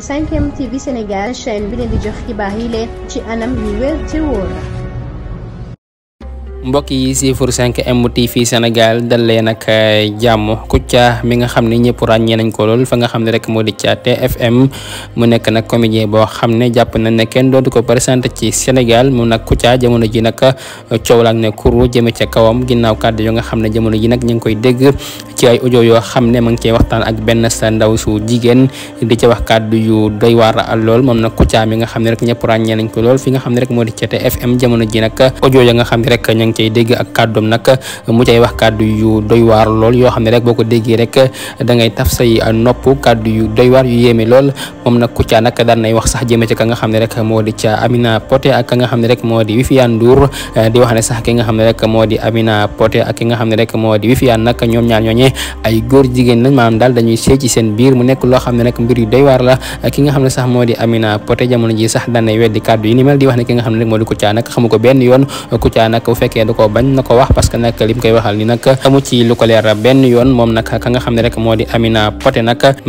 5M TV yi leen ci anam yu yi siifur 5M TV Sénégal dal leen ak eh, jàmm Kouthia mi nga xam ne ñëpp ràññee nañ ko lool fa nga xam ne rek moo di ca TFM mu nekk nag comédien boo xam ne jàpp nañ ne kenn dootu ko présenté ci Sénégal moom nag Kouthia jamono ji nag eh, coow la ak ne kuru jëme ca kawam ginnaaw kàdd yoo nga xam ne jamono ji nag ñu ngi koy dégg ci ay audio yoo xam ne ma ngi cee waxtaan ak benn sa ndaw su jigéen di ca wax kàddu yu doy waar lool moom nag Kouthia mi nga xam ne rek ñëpp ràññee nañ ko lool fi nga xam ne rek moo di Thiété FM jamono ji nag audio ya nga xam ne rek ña ngi cay dégg ak kàddoom nag mu cay wax kàddu yu doy waar lool yoo xam ne rek boo ko déggee rek da ngay taf say nopp kàddu yu doy waar yu yéeme lool moom nag Kouthia nag daan nay wax sax jëme ka nga xam ne rek moo di ca Amina Poté ak ka nga xam ne rek moo di Viviane Ndour eh, di wax sax ki nga xam ne rek moo di Amina Poté ak ki nga xam ne rek moo di Viviane nag ñoom ñaar ñooñu ne ay góor jigéen lañ maanaam daal dañuy sëy ci seen biir mu nekk loo xam ne nag mbir yu doy waar la ki nga xam ne sax moo di Amina Poté jamono ji nga xam ne nag moo da ko bañ na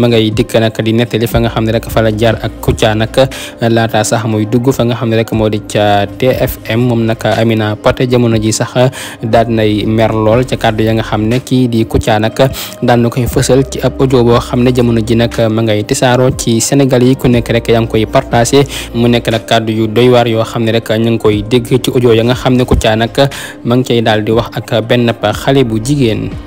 ma ngay dikk nag di nettali fa nga xam ne rek fa la jaar ak Kouthia nag laata sax muy dugg fa nga xam ne rek moo di ca TFM moom nag Amina Poté jamono ji sax daal nay mer lool ca kàddu ya nga xam ne kii di Kouthia nag daan na koy fësal ci ab audio boo xam ne jamono ji nag ma ngay tisaaroo ci Sénégal yi ku nekk rek yaa ngi koy partagé mu nekk nag kàddu yu doy waar yoo xam ne rek ñu ngi koy dégg ci audio ya nga xam ne ku caa nag ma ngi cay daal di wax ak benn xale bu jigéen.